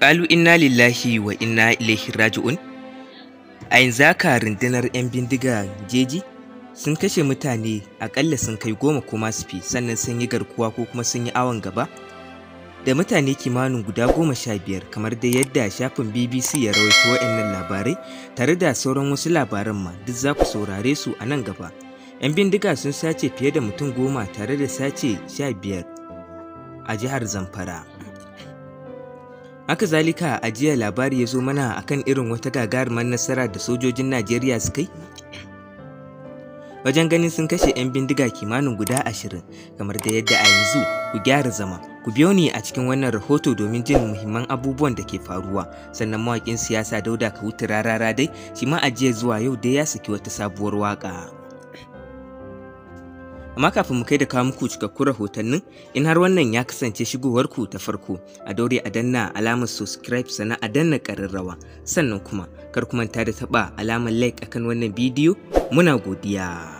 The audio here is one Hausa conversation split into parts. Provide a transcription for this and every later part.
Ƙalu inna lillahi wa inna ilaihi raji'un. A yanzu haka rundunar 'yan bindiga jeji sun kashe mutane akalla sun kai goma ko masu fi sannan sun yi garkuwa ko kuma sun yi awon gaba da mutane kimanin guda goma sha biyar kamar da yadda shafin BBC ya rawaito waɗannan labarai tare da sauran wasu labaran ma duk za ku saurare su a nan gaba. 'Yan bindiga sun sace fiye da mutum goma tare da sace sha biyar a jihar Zamfara. Haka zalika a jiya labari ya zo mana akan irin wata gagarumar nasara da sojojin Najeriya suka yi. Wajen ganin sun kashe 'yan bindiga kimanin guda ashirin kamar da yadda a yanzu ku gyara zama. Ku biyo ni a cikin wannan rahoto domin jin muhimman abubuwan da ke faruwa. Sannan mawaƙin siyasa Dauda Kawutu rarara dai shi ma a jiya zuwa yau dai ya saki wata sabuwar waƙa. Amma kafin mu kai da kawo muku cikakkun rahotannin in har wannan ya kasance shigowar ku ta farko a daure a danna alamar subscribe sannan a danna ƙararrawa sannan kuma kar ku manta da taɓa alamar like akan wannan bidiyo muna godiya.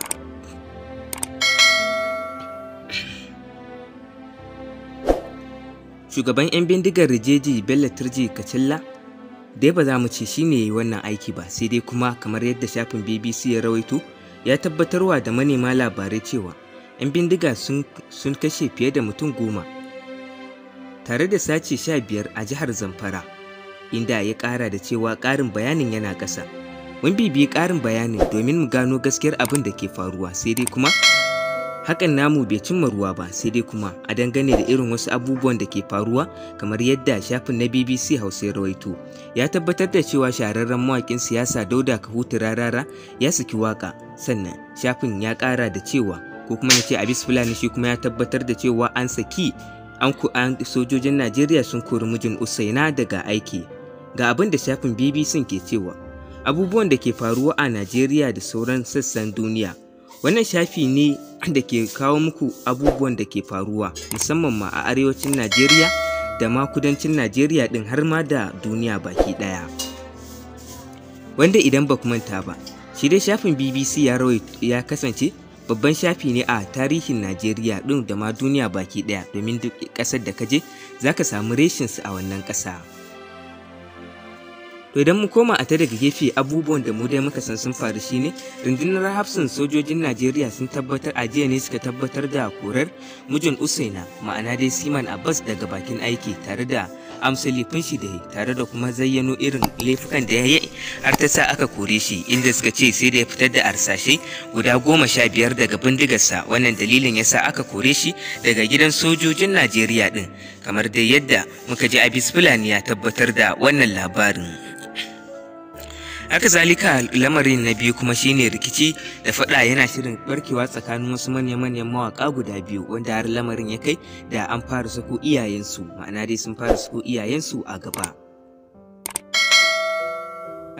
Shugaban 'yan bindigar Rijeji Bello Turji Kacilla dai ba za mu ce shine ne wannan aiki ba sai dai kuma kamar yadda shafin BBC ya rawaito ya tabbatarwa da manema labarai cewa 'yan bindiga sun kashe fiye da mutum goma tare da sace sha biyar a jihar zamfara inda ya ƙara da cewa ƙarin bayanin yana ƙasa mun bibiyi ƙarin bayanin domin mu gano gaskiyar abin da ke faruwa sai dai kuma hakan namu bai cimma ruwa ba sai dai kuma a dangane da irin wasu abubuwan da ke faruwa kamar yadda shafin na bbc hausa ya rawaito ya tabbatar da cewa shahararren mawakin siyasa dauda kahutu rarara ya saki waƙa, sannan shafin ya ƙara da cewa ko kuma na ce abis fulani shi kuma ya tabbatar da cewa an saki an sojojin najeriya sun kori mijin usaina daga aiki ga abin da shafin bbc ke cewa abubuwan da ke faruwa a najeriya da sauran sassan duniya wannan shafi ne da ke kawo muku abubuwan da ke faruwa musamman ma a arewacin najeriya da ma kudancin najeriya din har ma da duniya baki daya wanda idan ba manta ba shi dai shafin bbc ya kasance babban shafi ne a tarihin Najeriya ɗin da ma duniya baki ɗaya domin duk ƙasar da ka je za ka samu reshinsu a wannan ƙasa. To idan mu koma a ta daga gefe abubuwan da mu dai muka san sun faru shine rundunar hafsin sojojin Najeriya sun tabbatar a jiya ne suka tabbatar da korar mijin Usaina ma'ana dai Siman Abbas daga bakin aiki tare da amsa shi da tare da kuma zayyano irin laifukan da ya yi har ta sa aka kore shi inda suka ce sai da ya fitar da arsashe guda goma sha biyar daga bindigarsa wannan dalilin ya sa aka kore shi daga gidan sojojin najeriya din kamar dai yadda muka ji abis fulani ya tabbatar da wannan labarin haka zalika lamarin na biyu kuma shine rikici da faɗa yana shirin barkewa tsakanin wasu manya-manyan mawaka guda biyu wanda har lamarin ya kai da an fara sako iyayensu ma'ana dai sun fara sako iyayensu a gaba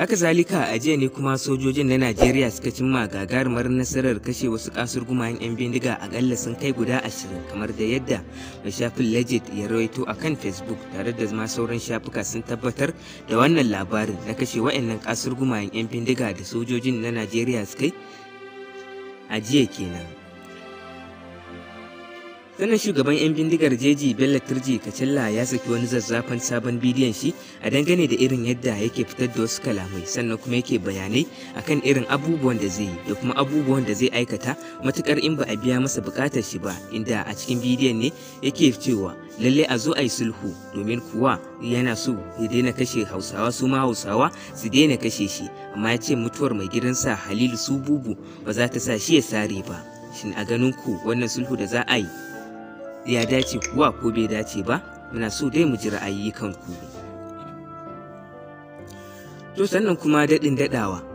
Haka zalika a jiya ne kuma sojojin na Najeriya suka cimma gagarumar nasarar kashe wasu kasar gumayen 'yan bindiga akalla sun kai guda ashirin kamar da yadda mai shafin legit ya rawaito a kan Facebook tare da ma sauran shafuka sun tabbatar da wannan labarin na kashe wa'annan kasar gumayen 'yan bindiga da sojojin na Najeriya suka yi a jiya kenan. sannan shugaban 'yan bindigar jeji bello turji kacalla ya saki wani zazzafan sabon bidiyon shi a dangane da irin yadda yake fitar da wasu kalamai sannan kuma yake bayanai akan irin abubuwan da zai da kuma abubuwan da zai aikata matukar in ba a biya masa bukatar shi ba inda a cikin bidiyon ne yake cewa lalle a zo a yi sulhu domin kuwa yana so ya daina kashe hausawa su ma hausawa su daina kashe shi amma ya ce mutuwar mai gidan sa halilu su bubu ba za ta sa shi ya sare ba shin a ganin ku wannan sulhu da za a yi ya dace kuwa ko bai dace ba muna so dai mu ji ra'ayi kan ku to sannan kuma daɗin daɗawa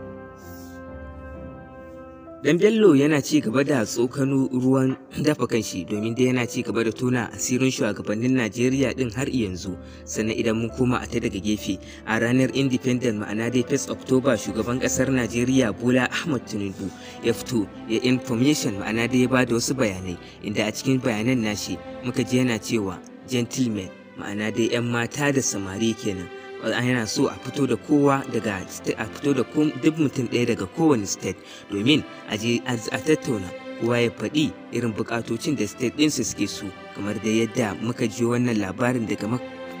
Dan Bello yana ci gaba da tsokano ruwan dafa kanshi domin da yana ci gaba da tona asirin shugabannin Najeriya din har yanzu. Sannan idan mun koma a ta daga gefe a ranar Independent ma'ana dai First October shugaban kasar Najeriya Bola Ahmad Tinubu ya fito ya information ma'ana dai ya bada wasu bayanai inda a cikin bayanan nashi muka ji yana cewa gentlemen ma'ana dai 'yan mata da samari kenan yana so a fito da kowa daga a fito da duk mutum ɗaya daga kowane state domin a tattauna kowa ya faɗi irin bukatocin da state ɗinsu suke so kamar da yadda muka ji wannan labarin daga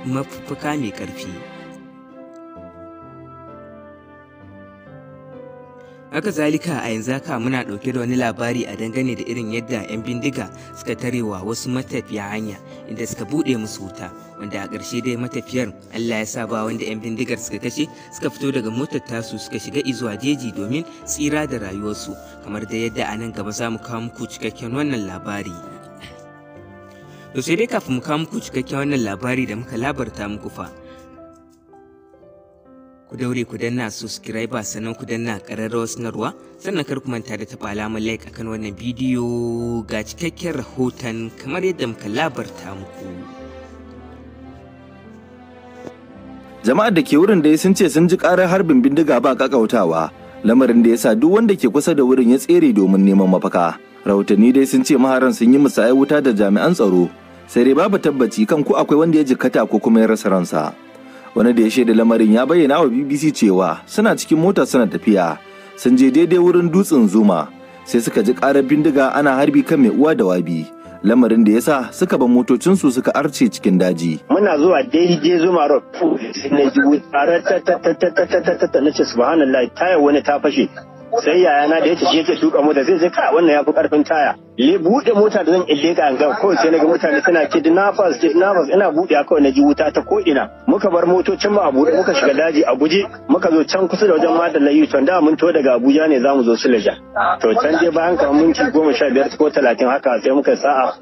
mafaka mai ƙarfi. haka zalika a yanzu haka muna ɗauke da wani labari a dangane da irin yadda 'yan bindiga suka tarewa wasu matafiya hanya inda suka buɗe musu wuta wanda a ƙarshe dai matafiyar allah ya sa ba wanda 'yan bindigar suka kashe suka fito daga motar tasu suka shiga izuwa jeji domin tsira da rayuwarsu kamar da yadda a nan gaba za mu kawo muku cikakken wannan labari. To dai kafin mu kawo muku cikakken wannan labari da muka labarta muku fa ku daure ku danna subscriber sannan ku danna ƙararrawar sanarwa sannan kar ku manta da taɓa alamar like akan wannan bidiyo ga cikakken rahoton kamar yadda muka labarta muku. Jama'ar da ke wurin dai sun ce sun ji ƙarar harbin bindiga ba wutawa. lamarin da ya sa duk wanda ke kusa da wurin ya tsere domin neman mafaka. Rahotanni dai sun ce maharan sun yi musayar wuta da jami'an tsaro sai dai babu tabbaci kan ko akwai wanda ya jikkata ko kuma ya rasa ransa. wani da ya shaida lamarin ya bayyana wa bbc cewa suna cikin mota suna tafiya sun je daidai wurin dutsen zuma sai suka ji karar bindiga ana harbi kan mai uwa da wabi lamarin da ya sa suka ba motocinsu suka arce cikin daji. Muna zuwa daidai zuma road sai na ji wuta ta ta ta ta ta ta ta sai yayana da yake shi yake tuka mota zai je kawai wannan ya fi karfin taya le buɗe mota da zan ille ka ga kawai sai naga mutane suna kidnappers kidnappers ina buɗe a kawai na ji wuta ta ko ina muka bar motocin mu a buɗe muka shiga daji a guje muka zo can kusa da wajen madan layu to da mun to daga Abuja ne zamu zo Suleja to can je bayan kamar minti goma sha biyar ko talatin haka sai muka sa'a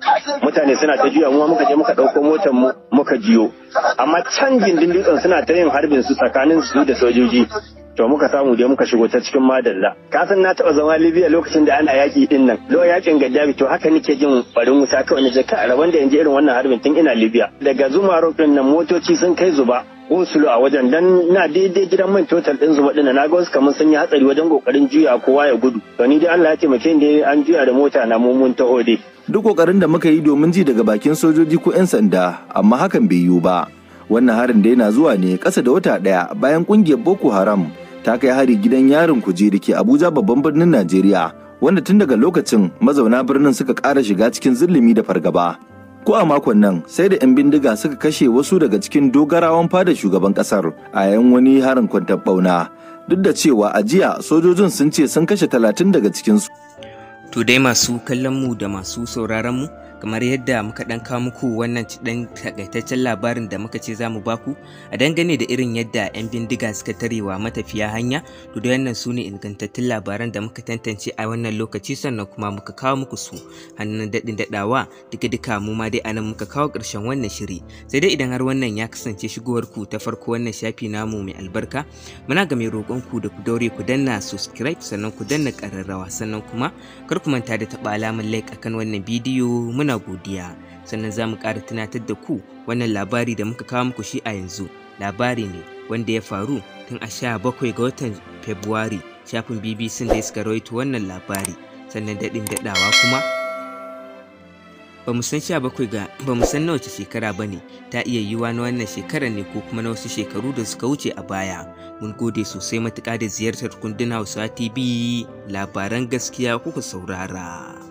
mutane suna ta juya mu muka je muka ɗauko motar mu muka jiyo amma can gindin dutsen suna ta yin harbin su tsakanin su da sojoji to muka samu dai muka shigo ta cikin madalla ka san na taba zama libya lokacin da ana yaki din nan lo yakin gaddafi to haka nake jin barin wuta kawai na je a rabon da yanzu irin wannan harbin tun ina libya daga zuma rokin nan motoci sun kai zuba unsulu a wajen dan na daidai gidan man total din zuba na ga wasu kamar sun yi hatsari wajen kokarin juya kowa ya gudu to ni dai Allah ya taimake ni an juya da mota na mun taho dai duk kokarin da muka yi domin ji daga bakin sojoji ko 'yan sanda amma hakan bai yiwu ba wannan harin da yana zuwa ne ƙasa da wata ɗaya bayan ƙungiyar boko haram ta kai hari gidan yarin kujerike ke Abuja babban birnin Najeriya wanda tun daga lokacin mazauna birnin suka ƙara shiga cikin zulumi da fargaba. Ko a makon nan sai da 'yan bindiga suka kashe wasu daga cikin dogarawan fada shugaban ƙasar a yayin wani harin kwantar ɓauna duk da cewa a jiya sojojin sun ce sun kashe talatin daga cikinsu. To dai masu kallon mu da masu sauraron mu kamar yadda muka dan kawo muku wannan dan takaitaccen labarin da muka ce za mu baku a dangane da irin yadda 'yan bindiga suka tarewa matafiya hanya to da wannan su ne ingantattun labaran da muka tantance a wannan lokaci sannan kuma muka kawo muku su hannun daɗin daɗawa duka duka mu ma dai anan muka kawo ƙarshen wannan shiri sai dai idan har wannan ya kasance shigowar ku ta farko wannan shafi namu mai albarka muna ga mai roƙon ku da ku daure ku danna subscribe sannan ku danna ƙararrawa sannan kuma kar ku manta da taɓa alamar like akan wannan bidiyo muna godiya sannan za mu ƙara tunatar da ku wannan labari da muka kawo muku shi a yanzu labari ne wanda ya faru tun a sha bakwai ga watan Fabrairu shafin BBC da suka rawaito wannan labari sannan daɗin daɗawa kuma ba mu san sha bakwai ga ba mu san na wace shekara ba ne ta iya yiwuwa na wannan shekarar ne ko kuma na wasu shekaru da suka wuce a baya mun gode sosai matuƙa da ziyartar kundin hausa tv labaran gaskiya kuka saurara.